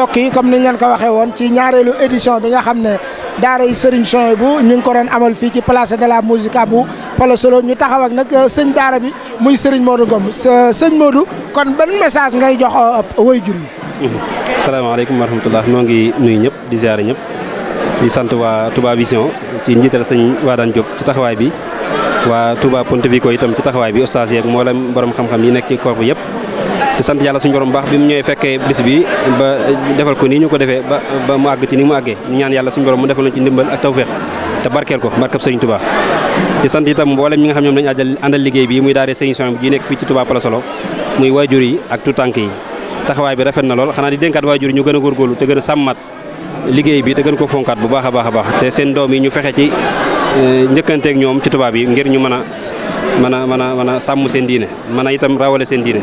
mbokk yi comme niñ leen ko waxee woon ci ñaareelu édition bi nga xam ne daara yi Serigne Souhaibou ñu ngi ko doon amal fii ci place de la musique bu Polo Solo ñu taxaw ak nag euh, sëñ daara bi muy Serigne Modou Ngom euh, sëñ Modou kon ban message ngay jox euh, waajur yi. Mm-hmm. salaamaaleykum wa rahmatulah noo ngi nuyu ñëpp di ziare ñëpp di sant waa Touba Vision ci njiital sëñ Wadane Diop ci taxawaay bi waa Touba Pontevico itam ci taxawaay bi oustaz yeeg mboolem borom xam-xam yi nekk ci corps yëpp. di sant yàlla suñu borom baax bi mu ñëwee fekkee bis bi ba defal ko nii ñu ko defee ba ba mu àgg ci ni mu àggee ñu ñaan yàlla suñu borom mu defal ci ndimbal ak tawféex te barkeel ko barkab Serigne Touba di sant itam mboolem ñi nga xam ñoom lañu àjjal àndal liggéey bi muy daare Serigne Souhaïbou ji nekk fii ci Touba Palasolo muy waajur yi ak tu tànk yi taxawaay bi rafet na lool xanaa di dénkaat waajur yi ñu gën a góorgóorlu te gën a sàmmat liggéey bi te gën ko fonkaat bu baax a baax baax te seen doom yi ñu fexe ci e, njëkkanteeg ñoom ci tubaab yi ngir ñu mën a mën a mën a mën a sàmm seen diine mën a itam rawale seen diine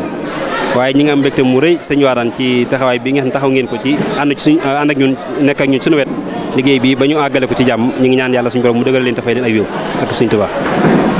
waaye ñi nga am mbégte mu rëy sëñ Wadane ci taxawaay bi nga xam taxaw ngeen ko ci ànd ci suñ ànd ak ñun nekk ak ñun suñu wet liggéey bi ba ñu àggale ko ci jàmm ñu ngi ñaan yàlla suñu borom mu dëggal leen tafay leen ay yiw ak suñ Tuubaa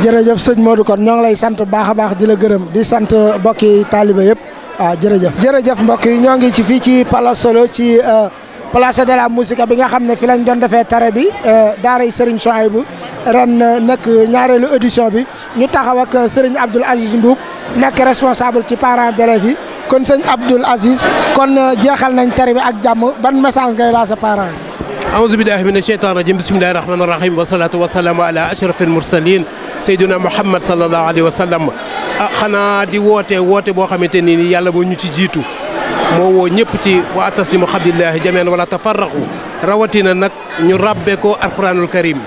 jërëjëf sëñ Modou kon ñoo ngi lay sant baax a baax di la gërëm di sant mbokki taaliba yëpp waaw ah, jërëjëf jërëjëf mbokk ñoo ngi ci fii ci Palace ci euh, place de la musique bi nga xam ne fi lañ doon defee tare bi euh, daaray Serigne Souhaïbou ren euh, nekk ñaareelu audition bi ñu taxaw ak euh, Serigne Abdoul Aziz Mboup nekk responsable ci parent d'élèves yi kon sëñ Abdoul Aziz kon jeexal nañ tare bi ak jàmm ban message ngay laa sa parents yi aouzu billahi mina sheytan rajim bismillahi rahmani rahim wasalatu wasalaamu ala ashrafil mursalin sayduna muhammad sallallahu alayhi wa sallam ah xanaa di woote woote boo xamante ni yàlla boo ñu ci jiitu moo woo ñëpp ci waa wa atasimu xablillahi jameen wala tafarraqu rawatina nag ñu ràbbe ko alxuraanul karim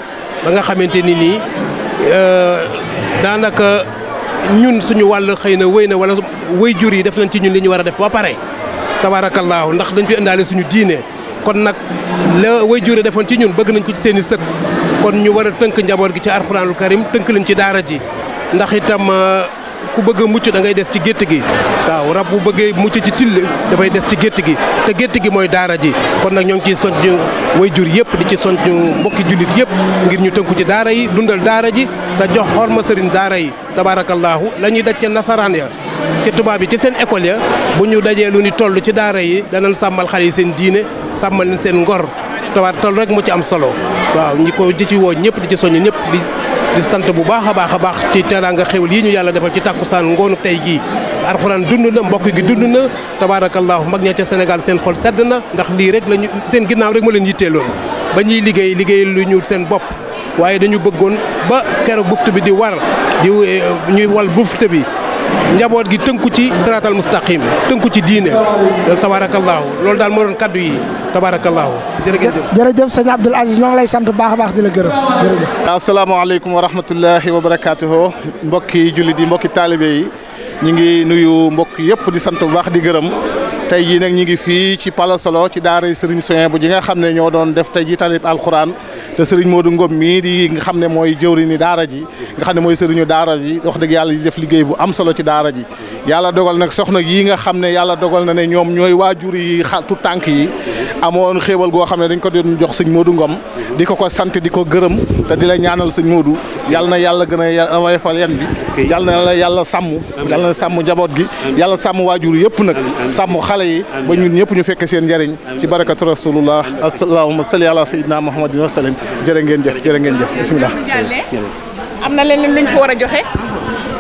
ba nga xamante ni nii euh, daanaka ñun suñu wàll xëy na wéy na wala wéy jur yi def nañ ci ñun li ñu war a def ba pare tabaarakallaahu ndax dañ fi indaale suñu diinee kon nag la way jure defoon ci ñun bëgg nañ ko ci seen i sët kon ñu war a tënk njaboot gi ci alxuraanul karim tënk leen ci daara ji ndax itam euh, ku bëgg a mucc da ngay des ci gétt gi waaw rab bu bëggee mucc ci till dafay des ci gétt gi te gétt gi mooy daara ji kon nag ñoo ngi ciy soññ way jur yëpp di ci soññ bokki jullit yëpp ngir ñu tënku ci daara yi dundal daara ji te jox xorma sëriñ daara yi tabaarakallaahu la ñuy daj ca nasaraan ya ci tubaab yi ci seen école ya bu ñu dajee lu ni toll ci daara yi danañ sàmmal xale yi seen diine sàmmal leen seen ngor tawaar toll rek mu ci am solo waaw ñi ko woo ñëpp di ci ñëpp di sant bu baax a baax a baax ci teraanga xew yi ñu yàlla defal ci tàkkusaan ngoonu tey gii arxuraan dund na mbokk gi dund na tabaarakallaahu mag ña ca Sénégal seen xol sedd na ndax lii rek lañu seen ginnaaw rek ma leen yitteeloon ba ñuy liggéey liggéey lu ñu seen bopp waaye dañu bëggoon ba keroog buftu bi di war di eh, ñuy wal buftu bi njaboot gi tënku ci siraatal mustaqim tënku ci diine loolu tabaarakallaahu loolu daal moo doon yi tabaarakallaahu jërëjëf jërëjëf sëñ Abdoul Aziz ñoo ngi lay sant baax a baax di la gërëm jërëjëf asalaamaaleykum wa rahmatullahi wa barakaatuhu mbokki jullit yi mbokki taalibe yi ñu ngi nuyu mbokk yëpp di sant bu baax di gërëm tey jii nag ñu ngi fii ci solo ci daara Serigne Soyen bu ji nga xam ne ñoo doon def tey jii talib alxuraan te Serigne Modou Ngom mii di nga xam ne mooy jëwri ni daara ji nga xam ne mooy Serigne daara yi wax dëgg yàlla di def liggéey bu am solo ci daara ji yàlla dogal nag soxna yi nga xam ne yàlla dogal na ne ñoom ñooy waajur yi xatu tànk yi amoon xéewal goo xam ne dañ ko doon jox sëñ Modou Ngom di ko ko sant di ko gërëm te di la ñaanal sëñ Modou yàlla na yàlla gën a woyofal yan bi yàlla na la yàlla sàmm yàlla na sàmm njaboot gi yàlla sàmm waajur yëpp nag sàmm xale yi ba ñun ñëpp ñu fekke seen njariñ ci barakatu rasulullah allahumma salli ala sayyidina muhammadin wa sallam jërë ngeen jëf jërë ngeen jëf bismillah am na leneen luñ fa war a joxe.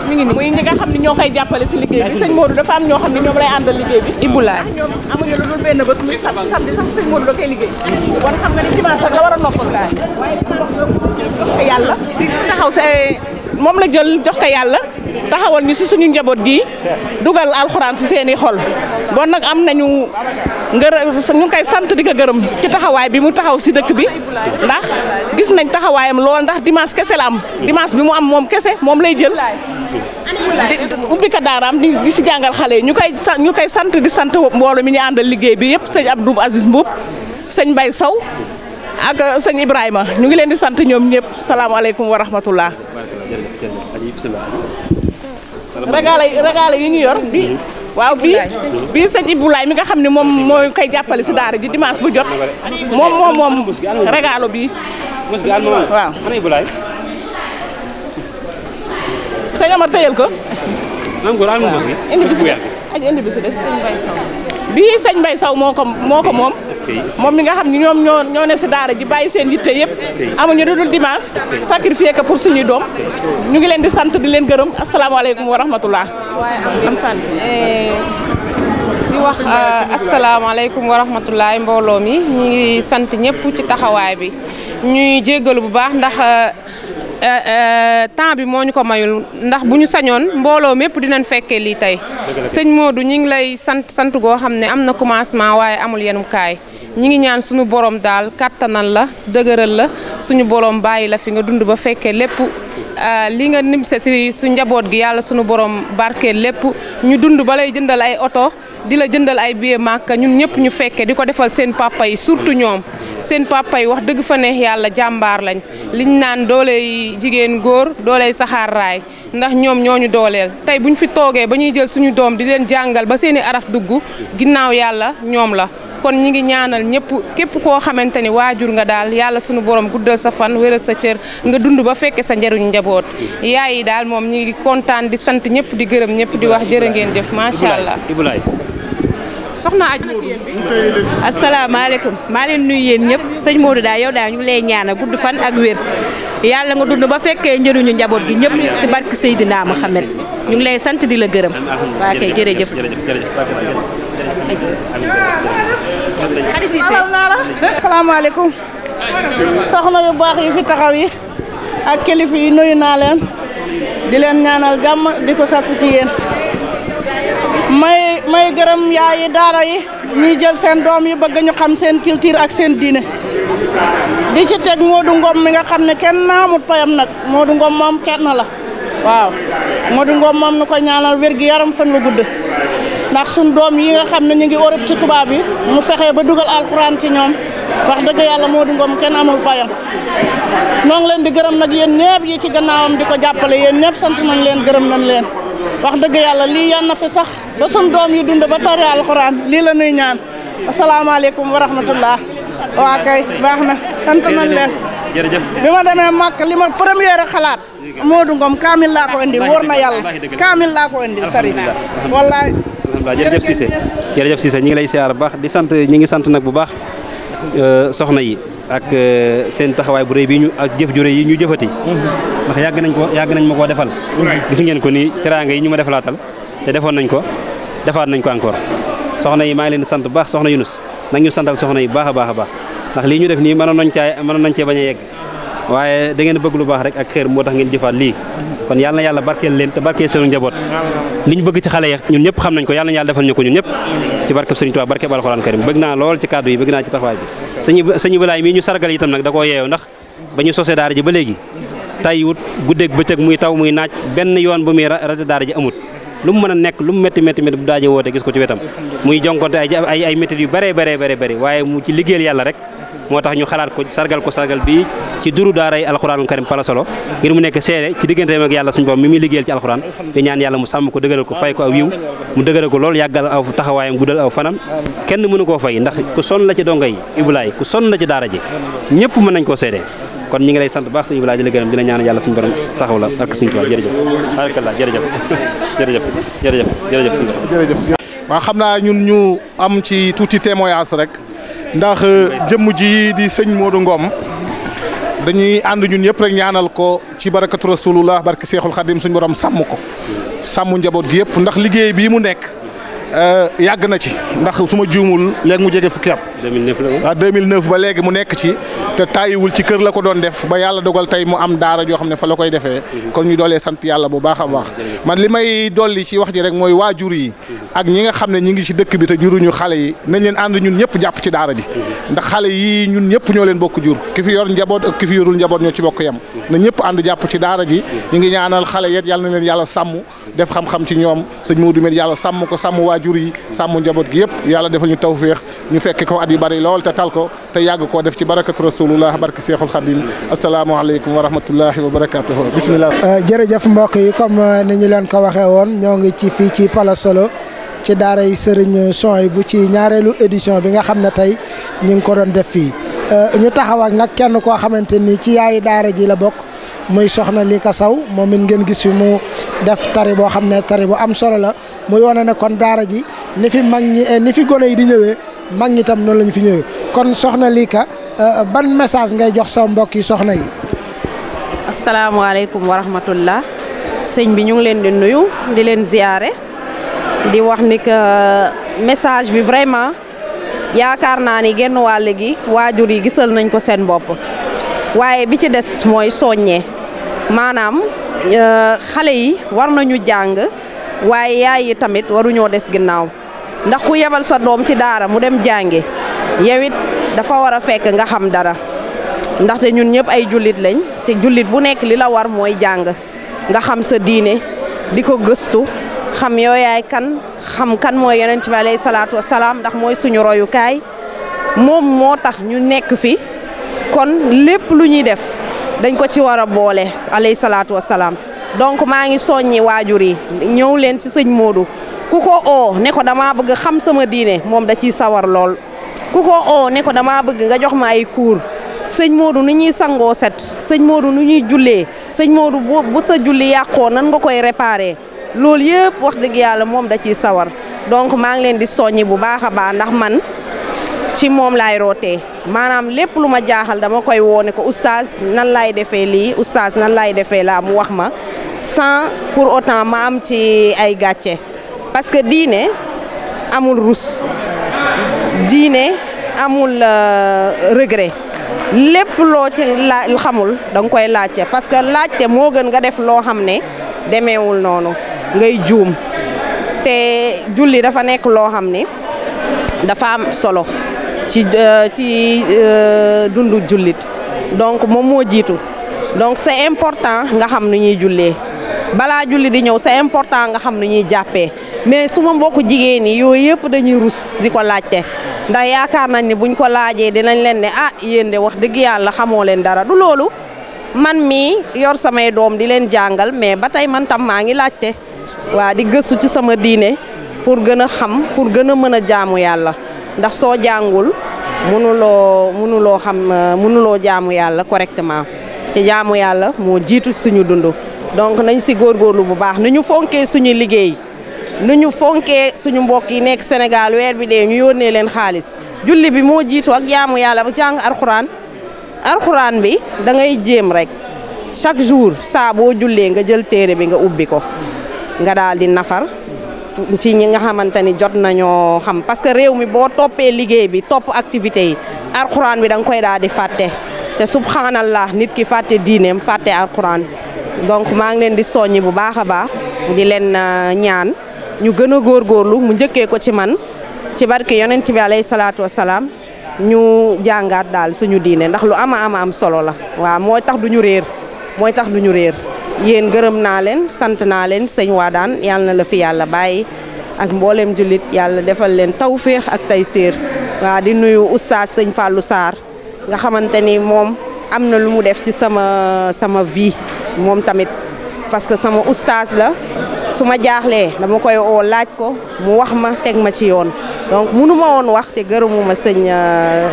mi ngi nii muy ñi nga xam ne ñoo koy jàppale si liggéey bi sëñ Modou dafa am ñoo xam ne ñoom lay àndal liggéey bi. Ibulaay ah, ndax ñoom amuñu lu dul benn bés muy samedi samedi sax sëñ Modou da koy liggéey. war xam nga ni dimanche sax la war a noppal daal jox ko yàlla taxaw sa moom la jël jox ko yàlla. taxawal ñu si suñu njaboot gi dugal alxuraan si seeni i xol bon nag am nañu ngërë ñu ngi koy sant di ko gërëm ci taxawaay bi mu taxaw si dëkk bi ndax gis nañ taxawaayam lool ndax dimaas kese la am dimanche bi mu am moom kese moom lay jël ubbi ko daaraam di si jàngal xale yi ñu koy ñu koy sant di sant mbooloo mi ñu àndal liggéey bi yëpp sëñ Abdou Aziz Mbuub sëñ Mbay Saw ak euh, sëñ Ibrahima ñu ngi leen di sant ñoom ñëpp salaamaaleykum wa rahmatullah regala yi ñu yor bi waaw bii bii sëñ Iboulaye mi nga xam ne moom mooy koy jàppale si daar ji dimaas bu jot moom moom moom regalo bi waaw sëñ Amar tëyal ko indi bi si des indi bi si des Saw moo ko moo ko moom moom mi nga xam ni ñoo ñoo ne si daara ji bàyyi seen yitte yëpp amuñu dudul dimanche sacrifié ko pour doom ñu ngi leen di sant di leen gërëm asalaamaaleykum wa rahmatullah am sànni di wax euh, asalaamaaleykum wa rahmatullah mbooloo mi ñi sant ñëpp ci taxawaay bi ñuy jéggalu bu baax ndax euh, euh, temps bi moo ñu ko mayul ndax bu ñu sañoon mbooloo mépp dinañ fekkee lii tey sëñ Modou ñu ngi lay sant sant goo xam ne am na commencement waaye amul yenum kaay ñu ngi ñaan suñu borom daal kattanal la dëgëral la suñu borom bàyyi la fi nga dund ba fekkee lépp euh, li nga nimse si su njaboot gi yàlla suñu borom barkee lépp ñu dund ba lay jëndal ay oto di la jëndal ay billet màkka ñun ñëpp ñu fekkee di ko defal seen papa yi surtout ñoom seen papa yi wax dëgg fa ne yàlla jàmbaar lañ li ñu naan dooley jigéen góor doole saxaar raay ndax ñoom ñoo ñu dooleel tey bu ñu fi toogee ba ñuy jël suñu doom di leen jàngal ba seeni araf dugg ginnaaw yàlla ñoom la kon ñi ngi ñaanal ñëpp képp koo xamante ni waajur nga daal yàlla sunu borom guddal sa fan wéral sa cër nga dund ba fekke sa njariñ njaboot yaay yi daal moom ñi ngi kontaan di sant ñëpp di gërëm ñëpp di wax jërë ngeen jëf macha allah soxna aj asalaamaaleykum maa leen nuyu yéen ñëpp sëñ Modou daa yow daa ñu lay ñaana gudd fan ak wér yàlla nga dund ba fekkee njëriñu njaboot gi ñëpp si barke Seydina Mohamed ñu ngi lay sant di la gërëm waa kay jërëjëf xadi Cissé asalaamaaleykum soxna yu baax yi fi taxaw yi ak kilifa yi nuyu naa leen di leen ñaanal jàmm di ko sàkku ci yéen may gërëm yaayi daara yi ñuy jël seen doom yi bëgg ñu xam seen culture ak seen diine di ci teg Modou Ngom mi nga xam ne kenn naamut payam nag Modou Ngom moom na la waaw Modou Ngom moom nu ko ñaanal wér yaram fan la gudd ndax suñ doom yi nga xam ne ñu ngi Europe ci tubaab yi mu fexe ba dugal alxuraan ci ñoom wax dëgg yàlla Modou Ngom kenn amul payam noo ngi leen di gërëm nag yéen ñëpp yi ci gannaawam di ko jàppale yeen ñëpp sant nañ leen gërëm nañ leen wax dëgg yàlla lii yan na fi sax ba sun doom yu dund ba tari alxuraan lii la nuy ñaan asalaamaaleykum wa rahmatullah waa kay baax na sant nañ leen jërëjëf bi ma demee màkk li ma première xalaat Modou Ngom kaamil laa ko indi wóor na yàlla kaamil laa ko indi sari wallaay jërëjëf Cissé jërëjëf Cissé ñi ngi lay siyaar bu baax di sant ñi ngi sant nag bu baax euh, soxna yi ak euh, seen taxawaay bu rëy bi ñu ak jëf ju rëy yi ñu jëfati ndax yàgg nañ ko yàgg nañ ma koo defal gis ngeen ko nii teraanga yi ñu m defalaatal defoon nañ ko defaat nañ ko encore soxna yi maa ngi leen di sant baax soxna Yunus nag ñu santal soxna yi baax a baax a baax ndax lii ñu def nii mënoon nañ caa mënoon nañ cee bañ a yegg waaye da ngeen bëgg lu baax rek ak xeer moo tax ngeen jëfaat lii kon yal na yàlla barkeel leen te barkeel seen njaboot li ñu bëgg ci xale yi ñun ñëpp xam nañ ko yal na yàlla defal ñu ko ñun ñëpp ci barkeb Sëriñ Tuubaa barkeb Alxuraan Karim bëgg naa lool ci kàddu yi bëgg naa ci taxawaay bi sëñ sëñ Balaay mii ñu sargal ba léegi tey wut guddeeg bëccëg muy taw muy naaj benn yoon bu muy rajo daara ji amut lu mu mën a nekk lu mu métti métti métti bu daaje woote gis ko ci wetam muy jonkonte ay ay yu bëree bare bëree bëri waaye mu ci liggéeyal yàlla rek moo tax ñu xalaat ko sargal ko sargal bii ci duru daaray alxuraanul karim pala solo ngir mu nekk seede ci digganteem ak yàlla suñu borom mi muy liggéeyal ci alxuraan di ñaan yàlla mu sàmm ko dëgëral ko fay ko aw yiw mu dëgëral ko lool yàggal aw taxawaayam guddal aw fanam kenn mënu koo fay ndax ku sonn la ci donga yi ibulaay ku sonn la daara ji ñëpp mën nañ koo seede kon ñi ngi lay sant baax sëñ Ibrahima di la gërëm di la ñaan yàlla suñu borom saxaw la ak suñu tubaab jërëjëf barakallah jërëjëf jërëjëf xam naa ñun ñu am ci tuuti témoignage rek ndax euh, jëmm ji di sëñ moodu ngoom dañuy ànd ñun ñëpp rek ñaanal ko ci barakatu rasulullah barki seexul xadim suñ borom sàmm ko sàmm njaboot gi yëpp ndax liggéey bii mu nekk euh, yàgg na ci ndax su ma juumul léegi mu jege fukki at la waaw 2009 ba léegi mu nekk ci te tàyyiwul ci kër la ko doon def ba yàlla dogal tey mu am daara joo xam ne fa la koy defee mhm. kon ñu doolee sant yàlla bu baax a baax man li may dolli ci wax ji rek mooy waajur yi mhm. ak ñi nga xam ne ñi ngi ci dëkk bi te juruñu xale yi nañ leen ànd ñun ñëpp jàpp ci daara ji mhm. ndax xale yi ñun ñëpp ñoo leen bokk jur ki fi yor njaboot ki fi yorul njaboot ñoo ci bokk yem na ñëpp ànd jàpp ci daara ji ñu ngi ñaanal xale yet yàlla na leen yàlla sàmm def xam-xam ci ñoom sëñ Modou yàlla sàmm ko sàmm waajur yi sàmm njaboot gi yëpp yàlla defal ñu tawféex ñu yu bari lool te tal ko te yàgg koo def ci barakatu rasulullah barki seexul xadim asalaamaaleykum wa rahmatullahi wa barakatuhu bismillah euh, jërëjëf mbokk yi comme euh, ni ci fii ci Palasolo ci daara yi Serigne Souhaibou bu ci ñaareelu édition bi nga xam ne tey ñu ngi ko doon def fii euh, ñu taxaw ak nag kenn koo xamante ni ci yaayi daara ji la bokk muy soxna lii ka saw moom it ngeen gis fi mu def tari boo xam ne tari bu am solo la muy wane ne kon daara ji ni fi mag ñi eh, ni fi gone yi di mag ñi tam noonu la ñu fi ñëwee kon soxna Lika euh, euh, ban message ngay jox saw mbokk yi soxna yi. asalaamaaleykum wa rahmatullah sëñ bi ñu ngi leen di nuyu di leen ziyaare di wax ni que euh, message bi vraiment yaakaar naa ni genn wàll gi waajur yi gisal nañ ko seen bopp waaye bi ci des mooy soññee maanaam xale yi war nañu jàng waaye yaay yi tamit waruñoo des ginnaaw. ndax ku yebal sa doom ci daara mu dem jànge yow it dafa war a fekk nga xam dara ndaxte ñun ñëpp ay jullit lañ te jullit bu nekk lii la war mooy jàng nga xam sa diine di ko gëstu xam yow yaay kan xam kan mooy yeneen ci alayhi salaatu salaam ndax mooy suñu royukaay moom moo tax ñu nekk fi kon lépp lu ñuy def dañ ko ci war a boole alayhi salaatu wa salaam donc maa ngi soññi waajur yi ñëw leen ci sëñ Modou. ku ko oo ne ko damaa bëgg xam sama diine moom da ciy sawar lool ku ko oo ne ko damaa bëgg nga jox ma ay cours sëñ Modou nu ñuy sangoo set sëñ Modou nu ñuy jullee sëñ Modou bu sa julli yàqoo nan nga koy réparer loolu yëpp wax dëgg yàlla moom da ciy sawar donc maa ngi leen di soññi bu baax a baax ndax man ci moom laay rootee maanaam lépp lu ma jaaxal dama koy woone ko oustaz nan laay defee lii oustaz nan laay defee laa mu wax ma sans pour autant ma am ci ay gàcce. parce que diine amul rus diine amul euh, regret lépp loo ci xamul da nga koy laajte parce que laajte moo gën nga def loo xam ne demeewul noonu ngay juum te julli dafa nekk loo xam ne dafa am solo ci euh, ci euh, dundu jullit donc moom moo jiitu donc c'est important nga xam nu ñuy jullee balaa julli di ñëw c'est important nga xam nu ñuy jàppee mais suma mbokku jigéen yi yooyu yëpp dañuy rus di ko laajte ndax yaakaar nañ ne buñ ko laajee dinañ leen ne ah yéen wax dëgg yàlla xamoo leen dara du loolu man mii yor samay doom di leen jàngal mais ba tey man tam maa ngi laajte waa di gëstu ci sama diine pour gën a xam pour gën a mën a jaamu yàlla ndax soo jàngul mënuloo mënuloo xam mënuloo jaamu yàlla correctement te jaamu yàlla moo jiitu suñu dund donc nañ si góorgóorlu bu baax nañu ñu fonkee suñu liggéey nu ñu fonkee suñu mbokk yi nekk Sénégal weer bi dee ñu yónnee leen xaalis julli bi moo jiitu ak jaamu yàlla ba jàng arxuraan arxuraan bi da ngay jéem rek chaque jour saa boo jullee nga jël téere bi nga ubbi ko nga daal di nafar ci ñi nga xamante ni jot nañoo xam parce que réew mi boo toppee liggéey bi topp activité yi arxuraan bi da nga koy daal di fàtte te subhanallah nit ki fàtte diineem fàtte arxuraan donc maa ngi leen di soññi bu baax a baax di leen euh, ñaan. ñu gën a góorlu mu njëkkee ko ci man ci barke yonent bi alayhi salaatu wasalaam ñu jàngaat daal suñu diine ndax lu ama ama am solo la waaw mooy tax du ñu réer mooy tax du ñu réer yéen gërëm naa leen sant naa leen sëñ Wadane yàlla na la fi yàlla bàyyi ak mbooleem jullit yàlla defal leen taw tawféex ak tayseer waa di nuyu oustaz sëñ Fallou Sarr nga xamante ni moom am na lu mu def ci sama sama vie moom tamit parce que sama oustaz la su ma jaaxlee dama koy oo laaj ko mu wax ma teg ma ci yoon donc munuma woon wax te gërëmuma sëñ euh,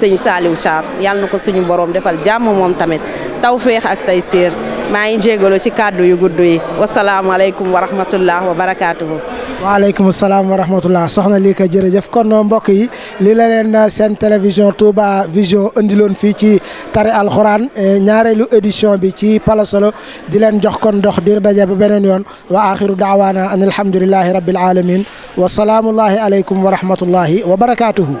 sëñ Saliou Sarr yàlla na ko suñu borom defal jàmm moom tamit tawféex ak tayseer maa ngi jégalu ci kàddu yu gudd yi wasalaamualeykum wa rahmatullah wa barakaatuhu. waaleykum salaam wa rahmatullah soxna lii ka jërëjëf kon mbokk yi lii la leen uh, seen télévision Touba Vision indiloon fii ci tari alxuraan eh, ñaareelu édition bi ci Palasolo di leen jox kon dox dir daje ba beneen yoon wa axiru daawaana an alhamdulillahi rabbil alamin wa salaamullahi aleykum wa rahmatullahi wa barakaatuhu